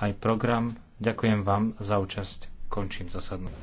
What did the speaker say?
aj program. Ďakujem vám za účasť. Končím zasadnutie.